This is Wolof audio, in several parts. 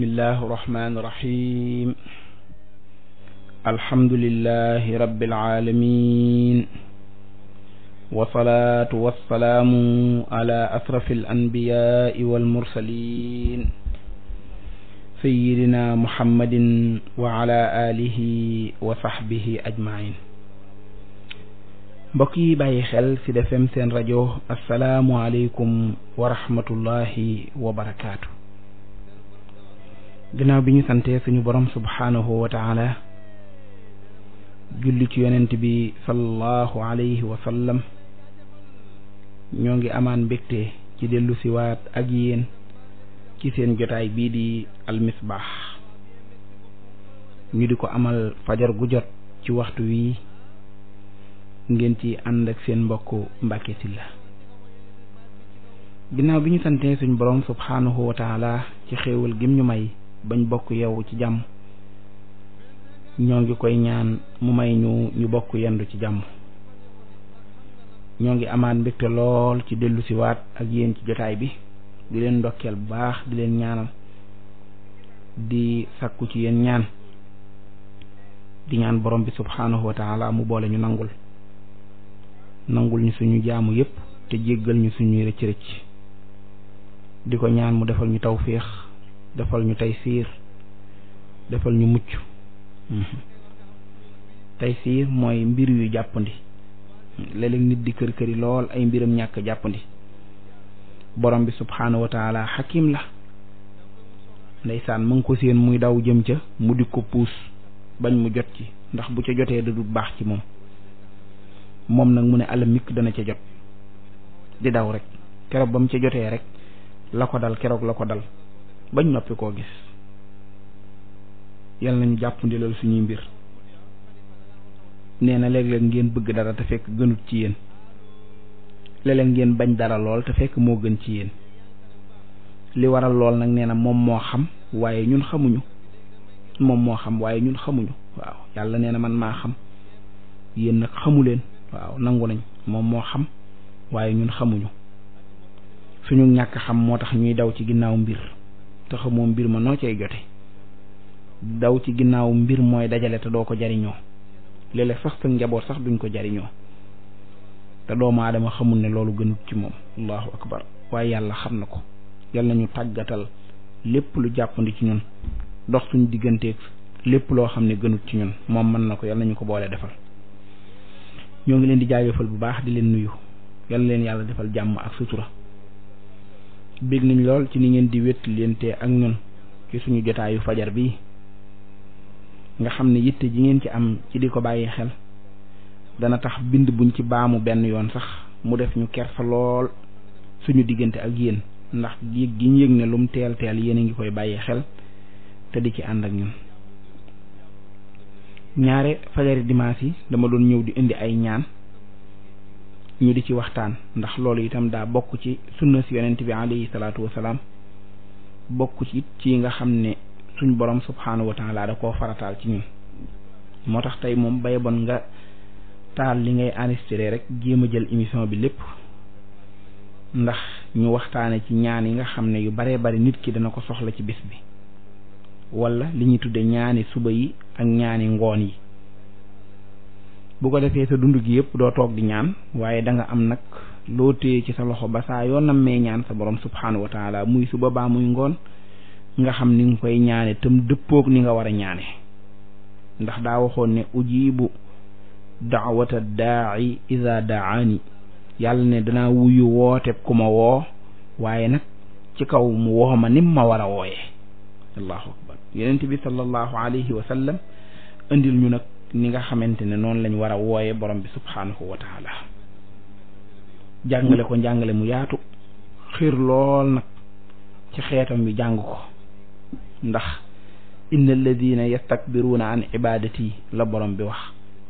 bismillahi rahmaani rahiim alhamdulillahi rabbil aalamiin wasalaatu wasalaamu ala asrafil anbiyaai wal mursaliin sayyidina muhammadin wa ala alihi wa sahbihi ajmain mbokk yi bàyyi xel ci Sud FM seen rajo asalaamualeykum wa rahmatullahi wa barakaatu. ginnaaw bi ñu santee suñu borom subhaanahu wa taala julli ci yonent bi sallallahu alayhi wa sallam ñoo ngi amaan mbégte ci dellu siwaat ak yéen ci seen jotaay bii di almisbaax ñu di ko amal fajar gu jot ci waxtu wii ngeen ci ànd ak seen mbokk Mbacke Sylla ginnaaw bi ñu santee suñu borom subhaanahu wa taala ci xéewal gim ñu may bañ bokk yeewu ci jàmm ñoo ngi koy ñaan mu may ñu ñu bokk yendu ci jàmm ñoo ngi amaat mbégte lool ci dellu waat ak yéen ci jotaay bi di leen ndokkeel bu baax di leen ñaanal di sakku ci yéen ñaan di ñaan borom bi subhaanahu wa mu boole ñu nangul nangul ñu suñu jàmm yépp te jéggal ñu suñuy rëcc rëcc di ko ñaan mu defal ñu tawféex defal ñu tey siir defal ñu mucc mhm. tey siir mooy mbir yu jàppandi léeg nit di kër këri lool ay mbiram ñàkk jàppandi borom bi subhaanahu wa taala xakim la ndeysaan mu ngi ko séen muy daw jëm ca mu di ko puus bañ mu jot ci ndax bu ca jotee da du baax ci moom moom nag mu ne alamik dana ca jot di daw rek keroog ba mu ca jotee rek la ko dal keroog la ko dal bañ noppi koo gis yal nañu jàppandi loolu suñuy mbir nee na léeg ngeen bëgg dara te fekk gënut ci yéen léeg-léeg ngeen bañ dara lool te fekk moo gën ci yéen li waral lool nag nee na moom moo xam waaye ñun xamuñu moom moo xam waaye ñun xamuñu waaw yàlla nee na man maa xam yéen nag xamu leen waaw nangu nañ moom moo xam waaye ñun xamuñu suñu ñàkk xam moo tax ñuy daw ci ginnaaw mbir taxa moom mbir ma noo cay jote daw ci ginnaaw mbir mooy dajale te doo ko jariñoo léeg-léeg sax sa njaboot sax duñ ko jariñoo te doomu aadama xamul ne loolu gënut ci moom allahu akbar waaye yàlla xam na ko yàlla ñu tàggatal lépp lu jàppandi ci ñun dox suñu digganteeg lépp loo xam ne gënut ci ñun moom mën na ko yàlla nañu ko boole defal ñoo ngi leen di jaajëfal bu baax di leen nuyu yàlla leen yàlla defal jàmm ak sutura bég nañ lool ci ni ngeen di wéttalante ak ñun ci suñu jotaayu fajar bi nga xam ne yitte ji ngeen ci am ci di ko bàyyi xel dana tax bind buñ ci baamu benn yoon sax mu def ñu kersa lool suñu diggante ak yéen ndax yëg gi ñu yëg ne lum teel teel yéen a ngi koy bàyyi xel te di ci ànd ak ñun ñaare fajari dimanche yi dama doon ñëw di indi ay ñaan ñu di ci waxtaan ndax loolu itam daa bokk ci sunna si yonent bi alayhi salaatu wasalaam bokk ci ci nga xam ne suñ borom subhaanahu wa laa da koo farataal ci ñi moo tax tey moom bay bon nga taal li ngay enregistré rek jéem a jël émission bi lépp ndax ñu waxtaane ci ñaan yi nga xam ne yu baree bari nit ki dana ko soxla ci bis bi wala li ñuy tuddee ñaani suba yi ak ñaani ngoon yi bu ko defee sa dundu gi yëpp doo toog di ñaan waaye danga am nag loo téye ci sa loxo ba saa yoo nammee ñaan sa borom subhaanahu wa taala muy suba baa muy ngoon nga xam ni nga koy ñaane tëm dëppook ni nga war a ñaane ndax daa waxoon ne ujibu daawata daa'i iza daani yàlla ne danaa wuyu woote ku ma woo waaye nag ci kaw mu woo ma ni mu ma war a wooyee allahu akbar yenent bi sallallahu alayhi wa indil ñu nag ni nga xamante ne noonu lañ war a wooye borom bi subhaanahu wa taala jàngale ko jàngale mu yaatu xiir lool nag ci xeetam yu jàng ko ndax inna alladina na an ibadati la borom bi wax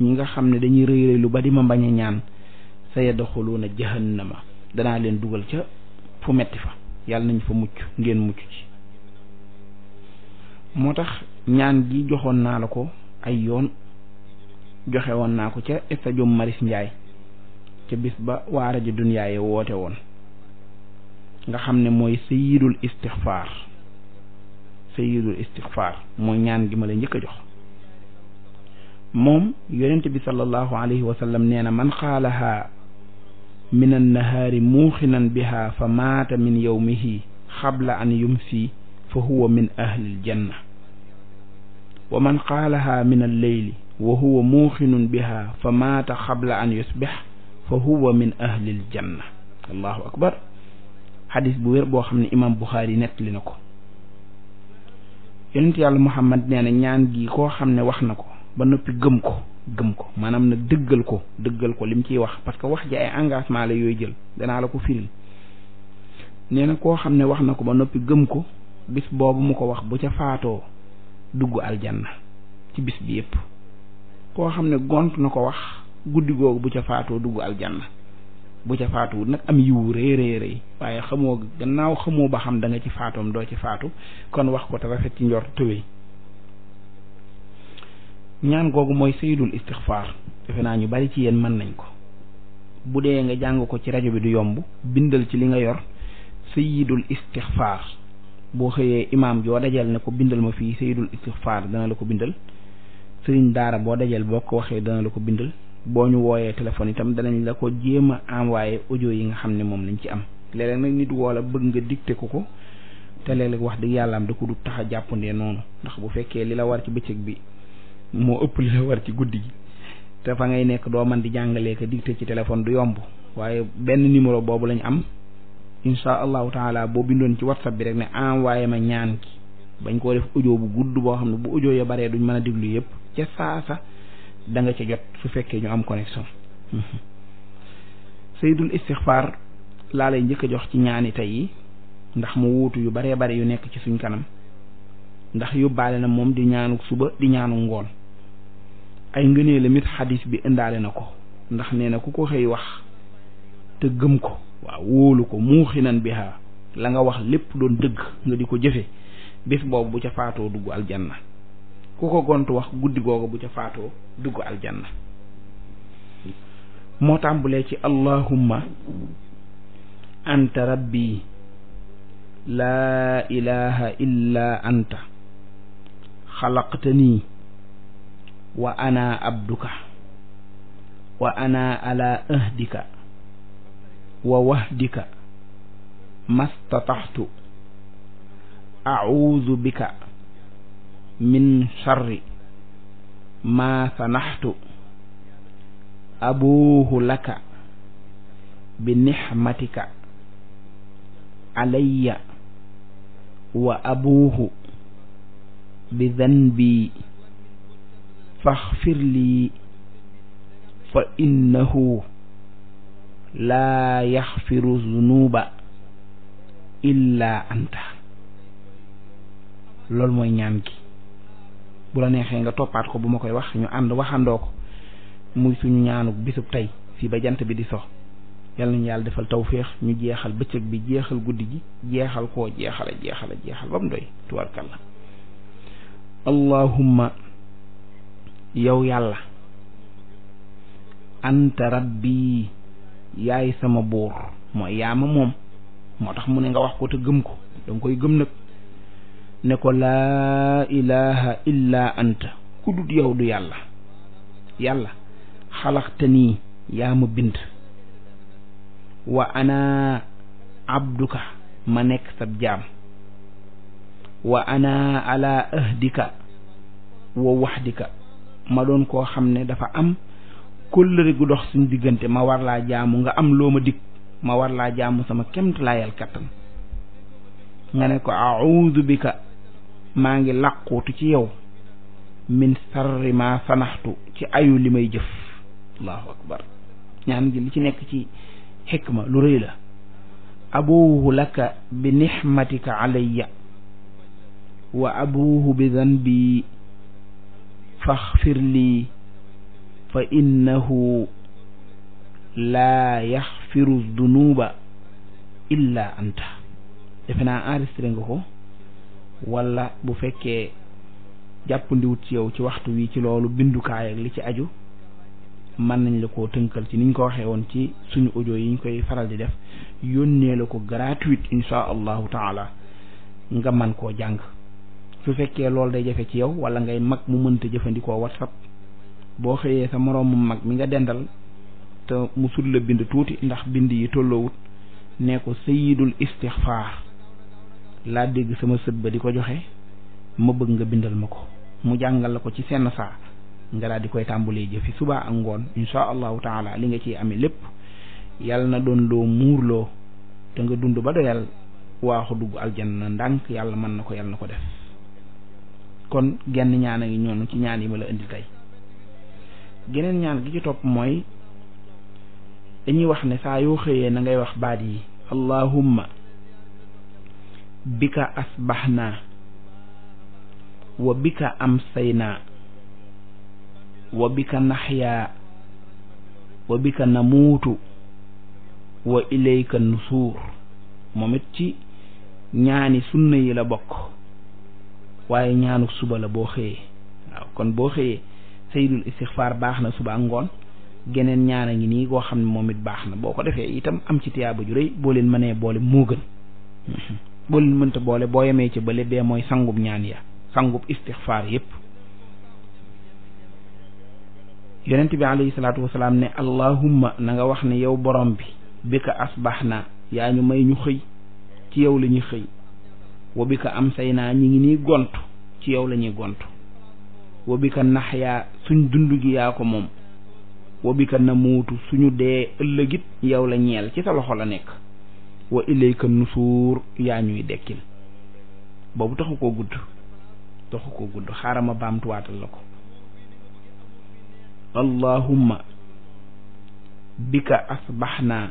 ñi nga xam ne dañuy rëy rëy lu ba di ma bañ a ñaan sa yadxuluuna jahannama danaa leen dugal ca fu metti fa yàlla nañ fa mucc ngeen mucc ci moo tax ñaan gi joxoon naa la ko ay yoon joxe woon naa ko ca stadium Maris Ndiaye ca bis ba waara ji duniyaaye woote woon nga xam ne mooy sayyidul istixfaar sayyidul istixfaar mooy ñaan gi ma la njëkk a jox moom yonent bi sallallahu alayhi wa sallam nee na man xaalaha min annahaari muuxinan biha fa maata min yawmihi xabla an yumsi fa huwa min ahlil janna wa man qaalaha min al wa huwa muuxinun biha fa maata xabla an yusbix fa huwa min ahlil janna allahu akbar xadis bu wér boo xam ne imaam Buxaari nettali na ko yonent yàlla Muhammad nee na ñaan gi koo xam ne wax na ko ba noppi gëm ko gëm ko maanaam dëggal ko dëggal ko lim ciy wax parce que wax ji engagement la yooyu jël danaa ko firil nee na koo xam ne wax na ko ba noppi gëm ko bis boobu mu ko wax bu ca faatoo dugg aljanna ci bis bi yépp koo xam ne gont na ko wax guddi googu bu ca faatoo dugg aljanna bu ca faatuwut nag am yiw rëy rëy rëy waaye xamoo gannaaw xamoo ba xam da ci faatoom doo ci faatu kon wax ko te rafet ci njort tëwee ñaan googu mooy sayyidul istixfaar defe naa ñu bari ci yéen mën nañ ko bu dee nga jàng ko ci rajo bi du yomb bindal ci li nga yor sayyidul istixfaar boo xëyee imaam joo dajal ne ko bindal ma fii sayyidul istixfaar dana la ko bindal sëriñ daara boo dajeel boo ko waxee dana la ko bindal boo ñu wooyee téléphone itam danañ la ko jéem a envoyé audio yi nga xam ne moom lañ ci am léeg nag nit woo la bëgg nga dicté ko ko te léeg-léeg wax dëgg yàlla am da ko du tax a jàppandee noonu ndax bu fekkee li la war ci bëccëg bi moo ëpp li la war ci guddi gi te fa ngay nekk doo mën di jàngalee ko dicté ci téléphone du yomb waaye benn numéro boobu lañu am incha allahu taala boo bindoon ci whatsapp bi envoyé ma ñaan ki bañ koo def audio bu gudd boo xam ne bu audio ya baree duñ mën a déglu yëpp ca saasa da nga ca jot su fekkee ñu am connexion saydul istixfaar laa lay njëkk a jox ci ñaani tey yi ndax mu wuutu yu baree bare yu nekk ci suñ kanam ndax yóbbaale na moom di ñaanu suba di ñaanu ngoon ay ngënee la mit bi indaale na ko ndax nee na ku ko xëy wax te gëm ko waaw wóolu ko muuxinan biha la nga wax lépp doon dëgg nga di ko jëfe bis boobu bu ca faatoo dugg aljanna ku ko gontu wax guddi googu bu ca faatoo dugg aljanna moo tàmbulee ci allahumma anta rabbi laa ilaha illa anta xalaqtanii wa ana abduka wa ana ala ahdika wa wahdika mastataxtu auudu bika min sharri maa sanaxtu abuuhu laka bi nixmatika alayya wa abuuhu bi danbi faxfir lii fa innahu laa yaxfiru zunuuba illaa anta loolu mooy ñaan gi bu la neexee nga toppaat ko bu ma koy wax ñu ànd waxandoo ko muy suñu ñaanu bisub tey fii ba jant bi di so yàlla nañu yàlla defal tawféex ñu jeexal bëccëg bi jeexal guddi gi jeexal koo jeexala jeexala jeexal ba mu doy tubarkalla allahumma yow yàlla anta rabbi yaay sama buur mooy yaa moom moo tax mu ne nga wax ko te gëm ko danga koy gëm nag ne ko laa ilaha illa anta ku dut yow du yàlla yàlla xalaxta nii yaa ma bind wa ana abduka ma nekk sab jaam wa ana ala ahdika wa wahdika ma doon koo xam ne dafa am kóllëre gu dox suñ diggante ma war laa jaamu nga am loo ma dikk ma war laa jaamu sama kemt laayal nga ne ko a'udhu maa ngi làqootu ci yow min sarri ma sanaxtu ci ayu li may jëf allahu akbar ñaan gi li ci nekk ci xikma lu rëy la abuuhu laka bi nixmatika alayya wa abuuhu bi danbi faxfir lii fa innahu laa yaxfiru dunuba illa anta defe naa enregistré nga ko walla bu fekkee jàppandiwut ci yow ci waxtu wi ci loolu bindukaay ak li ci aju mën nañ la ko tënkal ci niñ ko waxee woon ci suñu audio yi ñu koy faral di def yónnee la ko gratuite insha allahu taala nga man koo jàng su fekkee loolu day jafe ci yow wala ngay mag mu mënta jëfandikoo whatsapp boo xëyee sa moroom mag mi nga dendal te mu sut la bind tuuti ndax bind yi tolloowut ne ko sayidul istixfaar laa dégg sama sët ba di ko joxe ma bëgg nga bindal ma ko mu jàngal la ko ci seen saa nga daal di koy tàmbalee jëfi suba ak ngoon insha allahu taala li nga ciy amee lépp yàlla na doon loo muurloo te nga dund ba doyal waaxu dugg aljanna ndànk yàlla mën na ko yàlla na ko def kon genn ñaan a ngi ñoonu ci ñaan yi ma la indi tey geneen ñaan gi ci topp mooy dañuy wax ne saa yoo xëyee na ngay wax baat yi allahumma bika asbaxnaa wa bika amsaynaa wa bika naxyaa wa bika namuutu wa ilayka nusuur moom it ci ñaani sunna yi la bokk waaye ñaanu suba la boo xëyee waaw kon boo xëyee sayyidul istixfaar baax na suba ak ngoon geneen ñaana ngi nii koo xam ne moom it baax na boo ko defee itam am ci tiyaaba ju rëy boo leen mënee boole moo gën boo leen mënta boole boo yemee ci bële bee mooy sangub ñaan ya sangub istixfaar yépp yonent bi alayhi salaatu wasalaam ne allahumma na nga wax ne yow borom bi bi ka asbax naa yaa ñu may ñu xëy ci yow la ñuy xëy wa bi am say naa ñi ngi nii gont ci yow la ñuy gont wa bi ka nax yaa suñ dund gi yaa ko moom wa bi ka suñu dee ëllëgit yow la ñeel ci sa loxo la nekk wa ilayka nusuur yaa ñuy dekkil boobu taxu koo gudd taxu ko gudd xaaral ma baamtuwaatal la ko allahumma bika asbaxnaa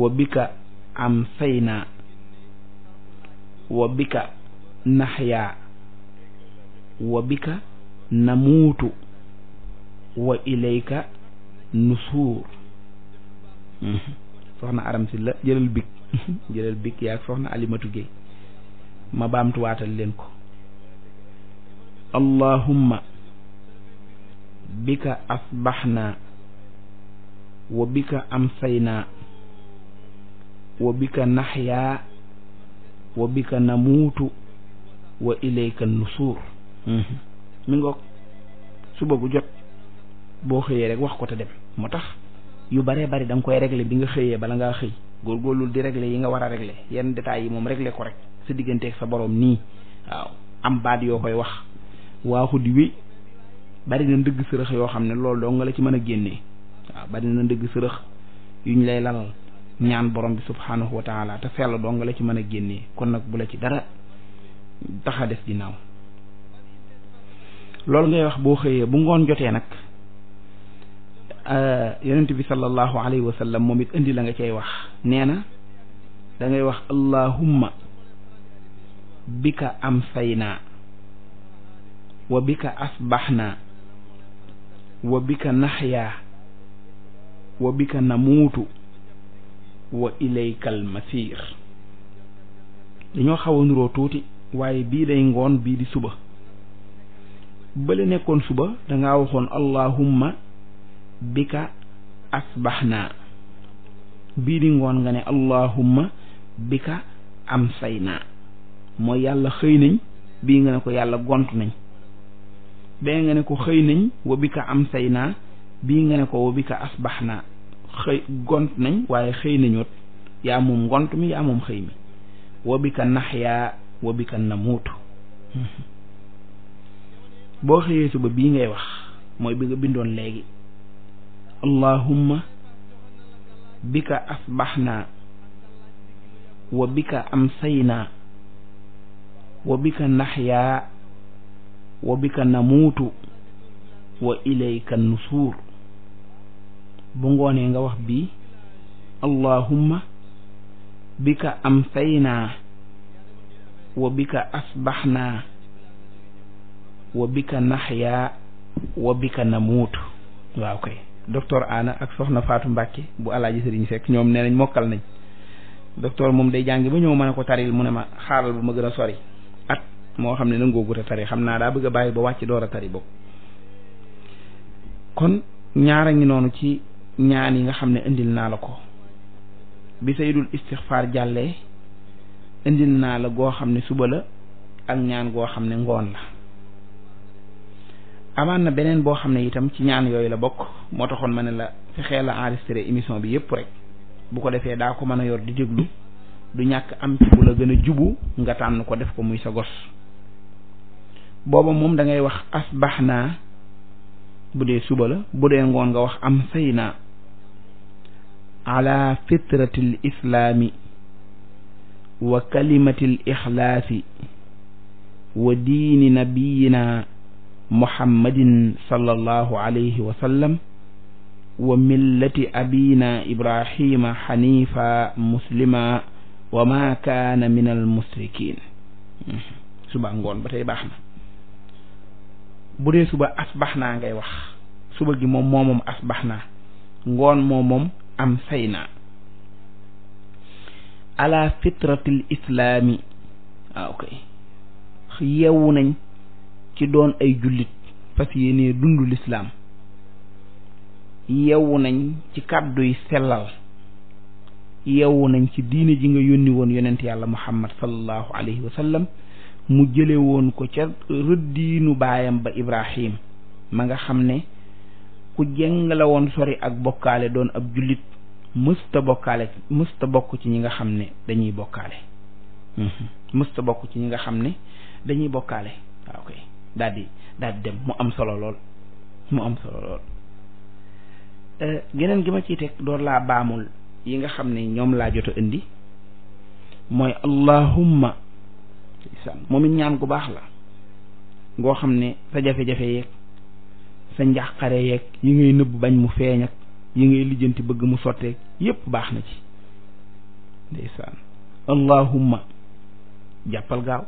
wa bika amsaynaa wa bika naxyaa wa bika namuutu wa ilayka nusuur mhm. soxna aram si la jëlal big jëlal big yaa soxna alimatu géey ma baamtuwaatal leen ko allahumma bika asbaxnaa wa bika amsaynaa wa bika naxyaa wa bika namuutu wa ilayka nusuur mm-hmm. mi ngoog suba gu jot boo xëyee rek wax ko te dem moo tax yu bare bari da nga koy régler bi nga xëyee bala ngaa xëy góorgóorlu di régler yi nga war a régler yenn détails yi moom regle ko rek sa digganteeg sa boroom nii waaw am baat yoo koy wax waaxu di wi bari na ndëgg sërëx yoo xam ne loolu doo nga la ci mën a génnee waaw bari na ndëgg sërëx yu ñu lay lalal ñaan borom bi subhaanahu wa taala te sell doo nga la ci mën a génne kon nag bu la ci dara taxa def ginnaaw loolu ngay wax boo xëyee bu ngoon jotee nag Euh, yonent bi sallallahu alayhi wa sallam moom it indi la nga cay wax nee na dangay ngay wax allahumma bika amsaynaa wa bika asbaxnaa wa bika naxyaa wa bika namuutu wa ilaykal masiir dañoo xaw nuroo tuuti waaye bii day ngoon bii di suba bële nekkoon suba dangaa waxoon allahumma bi ka asbax naa bii di ngoon nga ne allahumma bi ka am say naa mooy yàlla xëy nañ bii nga ne ko yàlla gont nañ bee nga ne ko xëy nañ wa bi am say naa bii nga ne ko wa bi ka xëy gont nañ waaye xëy nañoot yaa moom ngont mi yaa moom xëy mi wa bi ka naxyaa wa bi ka namuutu boo xëyee suba bii ngay wax mooy bi nga bindoon léegi allahumma bika asbaxnaa wa bika amsaynaa wa bika naxyaa wa bika namuutu wa ilayka nusuur bu ngoonee nga wax bii allahumma bika amsaynaa wa bika asbaxnaa wa bika naxyaa wa bika namuutu waaw kay docteur Anna ak soxna Faatu Mbàkke bu alaaji sëriñ Seck ñoom nee nañ mokkal nañ docteur moom day jàngi ba ñëw mën a ko taril mu ne ma xaaral bu ma gën a sori at moo xam ne nangoo gut tari xam naa daa bëgg a bàyyi ba wàcc door a ñaara ngi noonu ci ñaan yi nga xam ne indil naa la ko bi saydul istixfaar jàlle indil naa la goo xam ne suba la ak ñaan goo xam ne ngoon la amaan na beneen boo xam ne itam ci ñaan yooyu la bokk moo taxoon ma ne la fexee la enregistré émission bi yëpp rek bu ko defee daa ko mën a yor di déglu du ñàkk am ci bu la gën a jubu nga tànn ko def ko muy sa gos booba moom dangay wax asbax naa bu dee suba la bu dee ngoon nga wax am say naa ala fitratil islaami wa kalimatil ixlaasi wa diini nabiyina muhammadin sallallahu alayhi wa sallam wa millati abina ibrahima xanifa muslima wa ma kaana min al suba ngoon ba baax na bu dee suba asbax naa ngay wax suba gi moom moomoom asbax naa ngoon moomoom am ala fitratil islaami ah, waaw nañ ci doon ay jullit fas yéenee dundu lislaam yewwu nañ ci kàdduy sellal yewwu nañ ci diine ji nga yónni woon yonent yàlla muhammad sallallahu alayhi wa mu jële woon ko ca rëddiinu baayam ba ibrahim ma nga xam ne ku jeng la woon sori ak bokkaale doon ab jullit mësta bokk ci ñi nga xam ne dañuy bokkaale mësta bokk ci ñi nga xam ne dañuy bokkaale waaw mhm. ah, kay daal di dem mu am solo lool mu am solo lool euh, geneen gi ma ciy teg door laa baamul yi nga xam ne ñoom laa jot indi mooy allahumma moom it ñaan gu baax la ngoo xam ne sa jafe-jafe yeeg sa njàqare yeeg yi ngay nëbb bañ mu feeñ ak yi ngay lijjanti bëgg mu sotteeg yépp baax na ci ndeysaan allahumma jàppal gaaw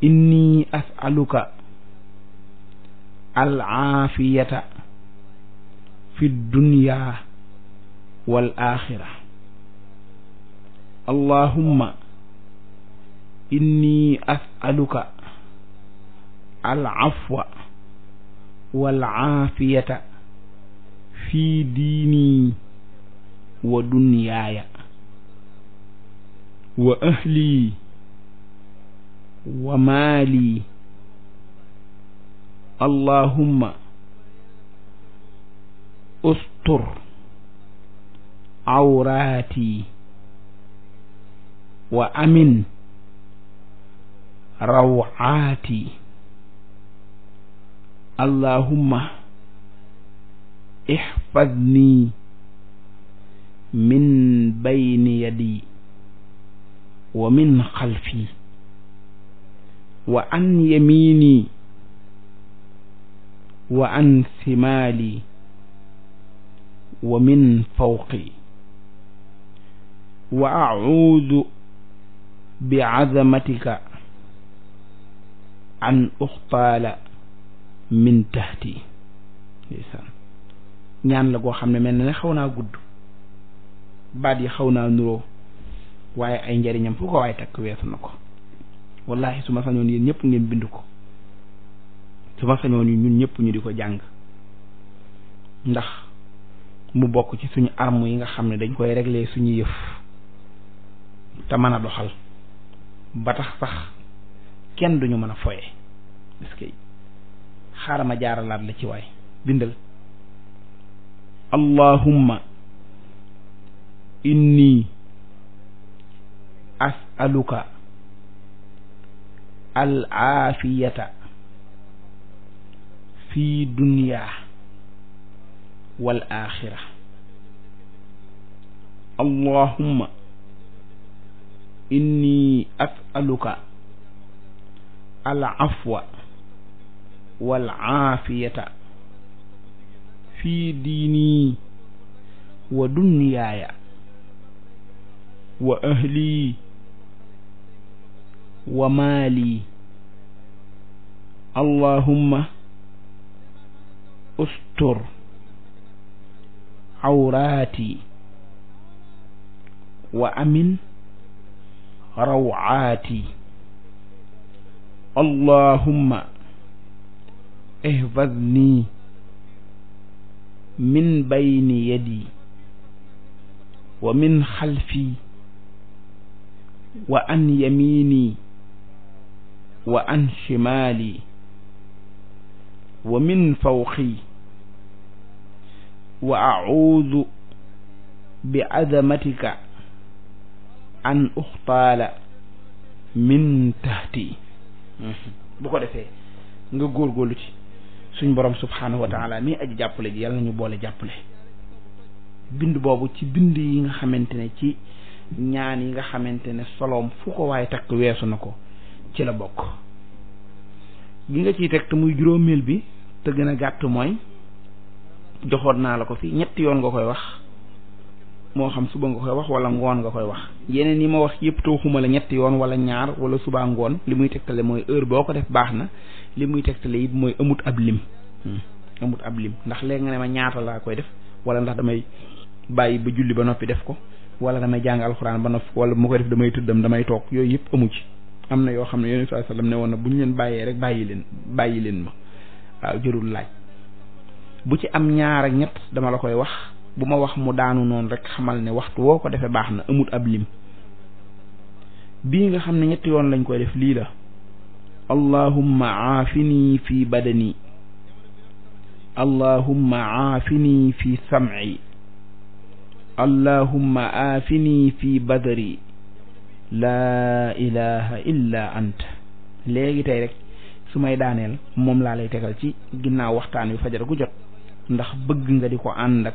inni asaluka alaafiyata fi dunya wal axira allahumma inni asaluka alafwa wal aafiyata fi diini wa dunyaaya wa ahli wa maali allahumma ustur awraati wa amin rawaati allahumma ixfadnii min bayni yadi wa min xalfi wa an yamiini wa an simaali wa min fawqi wa acuudu bicazamatika an uxtaala min tahti ndeysaan ñaan la goo xam ne mel na ne xaw naa gudd baat yi xaw naa nuroo waaye ay njariñam fu ko waaye takk weesu na ko wallahi su ma sañoon yéen ñëpp ngeen bind ko su ma sañoon ñun ñëpp ñu di ko jàng ndax mu bokk ci suñu arme yi nga xam ne dañ koy régler suñu yëf te mën a doxal ba tax sax kenn duñu mën a foye parce que xaaral ma jaaralaat la ci waay bindal allahumma inni as'aluka al fi dunyaa wal aaxira allahumma inni as'aluka al afwa wal aafiyata fi diini wa dunyaaya wa ahli wa maali allahumma ustur awraati wa amin rawaati allahumma ihfaznii min bayni yadi wa min xalfi wa an yamiini wa an shimaali wa min fawqi wa audu bi azamatika an uxtaala min tahti bu ko defee nga góor góorlu ci suñ borom subhaanahu wa taala aji jàppale ji yàlla nañu boole jàppale bind boobu ci bind yi nga xamante ne ci ñaan yi nga xamante ne soloom fu ko waaye takk weesu na ko ci la bokk gi nga ciy teg te muy juróomeel bi te na gàtt mooy joxoon naa la ko fi ñetti yoon nga koy wax moo xam suba nga koy wax wala ngoon nga koy wax yeneen yi ma wax yëpp te la ñetti yoon wala ñaar wala subaa ngoon li muy tegtale mooy heure boo ko def baax na li muy tegtale it mooy amut ab lim hmm. amut ab lim ndax léegi nga ne ma ñaata laa koy def wala ndax damay bàyyi ba julli ba noppi def ko wala damay jàng alxuraan ba noppi wala bu ma koy def damay tëddam damay toog yooyu yëpp amu ci am na yoo xam ne yonent bi ne woon na bu ñu leen bàyyee rek bàyyi leen bàyyi leen waaw jërul laaj bu ci am ñaar ñett dama la koy wax bu ma wax mu daanu noonu rek xamal ne waxtu woo ko defee baax na amut ab lim bii nga xam ne ñetti yoon lañ koy def lii la allahumma aafini fi badani allahumma aafini fi sam'i allahumma aafini fi badari laa ilaha illa ant léegi tey rek su may daaneel moom laa lay tegal ci ginnaaw waxtaan wi fajara gu jot ndax bëgg nga di ko ànd ak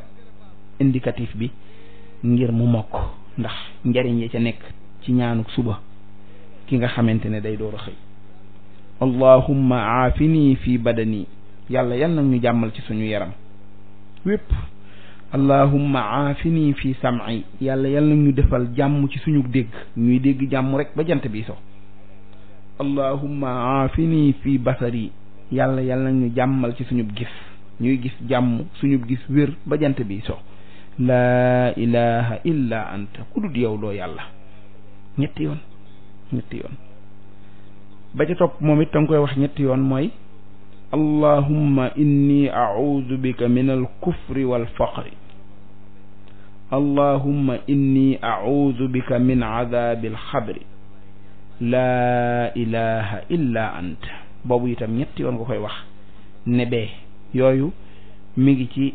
indicatif bi ngir mu mokk ndax njariñ ya ca nekk ci ñaanuk suba ki nga xamante ne day door a xëy allahumma aafini fi badani yàlla yal nag ñu jàmmal ci suñu yaram wépp allahumma aafini fi sam'i yàlla yal nag ñu defal jàmm ci suñu dégg ñuy dégg jàmm rek ba jant bi so allahumma aafini fi basari yàlla yàlla ñu jàmmal ci suñu gis ñuy gis jàmm suñu gis wér ba jant bi so laa ilaha illa anta ku dul yow doo yàlla ñetti yoon ba ca topp moom it tam koy wax ñetti yoon mooy allahumma inni audu bika min al kufri wal faqri allahumma inni audu bika min adabi al xabri laa ilaha illa ant boobu itam ñetti yoon nga koy wax nebe yooyu mu ngi ci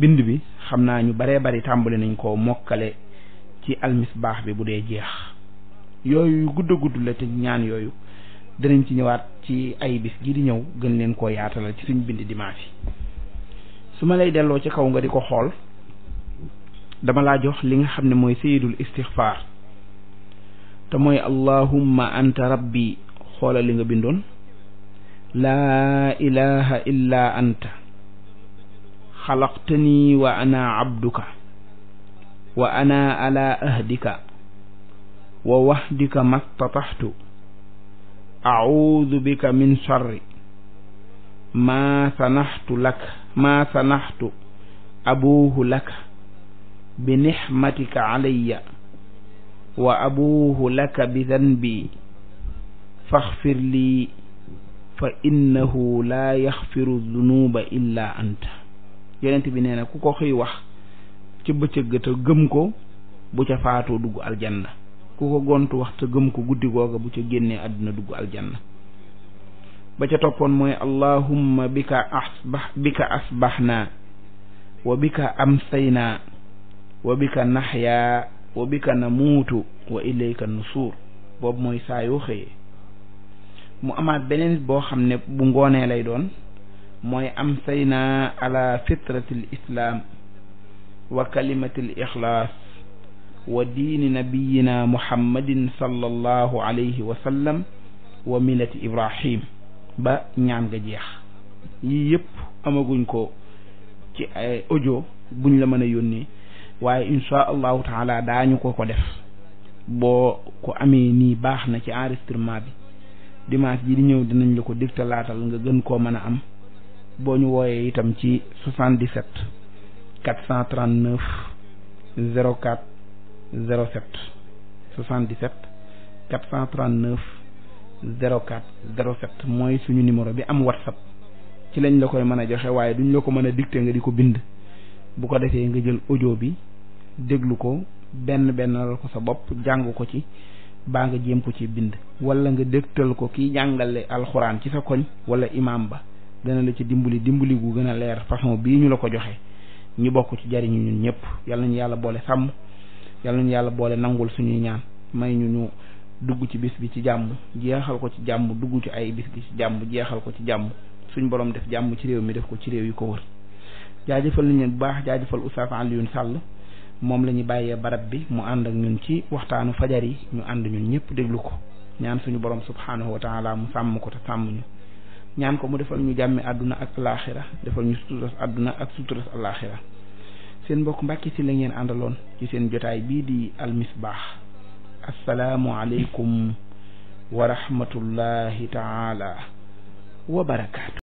bind bi xam naa ñu baree bari tàmbali nañ koo mokkale ci almisbaax bi bu dee jeex yooyu gudd gudd la te ñaan yooyu danañ ci ñëwaat ci ay bis gi di ñëw gën leen koo yaatalal ci suñ bind dimanche su ma lay delloo ci kaw nga di ko xool dama laa jox li nga xam ne mooy sayidul istixfaar te mooy allahumma anta rabbi xoolal li nga bindoon laa ilaha illa anta xalaqtani wa ana abduka wa ana ala ahdika wa wahdika mastataxtu audu bika min sharri maa sanaxtu lak maa sanaxtu abuuhu lak bi nixmatika alayya wa abuuhu laka bi danbi faxfir lii fa innahu laa yaxfiru dunuuba illa anta yonent bi nee na ku ko xëy wax ci bëccëg te gëm ko bu ca faatoo dugg aljanna ku ko gontu wax te gëm ko guddi googa bu ca génnee àdduna dugg aljanna ba ca toppoon mooy allahumma bika asbax bika asbaxnaa wa bika amsaynaa wa bika naxyaa wa bika namuutu wa ilayka nusuur boobu mooy saa xëyee mu amaat beneen boo xam ne bu ngoonee lay doon mooy am sayna ala fitratil islaam wa kalimatil ixlaas wa diini nabiyina muhammadin sallallahu alayhi wa wa millati ibrahim ba ñaan nga jeex yii yëpp amaguñ ko ci ay eh, audio buñ la mën a yónnee waaye insha allahu taala daañu ko ko def boo ko amee nii baax na ci enregistrement bi dimanche ji di ñëw dinañ la ko laatal nga gën koo mën a am boo ñu wooyee itam ci 77 439 04 07 77 439 04 07 mooy suñu numéro bi am whatsapp ci lañ la koy mën a joxe waaye duñ la ko mën a dicté nga di ko bind bu ko defee nga jël audio bi déglu ko benn bennal ko sa bopp jàng ko ci baa nga jéem ko ci bind wala nga dégtal ko kiy jàngale alxuraan ci sa koñ wala imaam ba dana la ci dimbali dimbali gu gën a leer façon bii ñu la ko joxe ñu bokk ci jariñu ñun ñëpp yal nañu yàlla boole sàmm yal ñu yàlla boole nangul suñuy ñaan may ñu ñu dugg ci bis bi ci jàmm jeexal ko ci jàmm dugg ci ay bis bi ci jàmm jeexal ko ci jàmm suñu borom def jàmm ci réew mi def ko ci réew yu ko wër jaajëfal nañ leen bu baax jaajëfal Oustaz Alioune moom la ñu bàyyee barab bi mu ànd ak ñun ci waxtaanu fajar yi ñu ànd ñun ñëpp déglu ko ñaan suñu borom subhaanahu wa taala mu sàmm ko te sàmm ñu ñaan ko mu defal ñu jàmmi àdduna ak alaaxira defal ñu suturas àdduna ak suturas alaaxira seen mbokk Mbàkke Sylla ngeen àndaloon ci seen jotaay bii di Al Misbah assalaamu aleykum wa rahmatullahi taala wa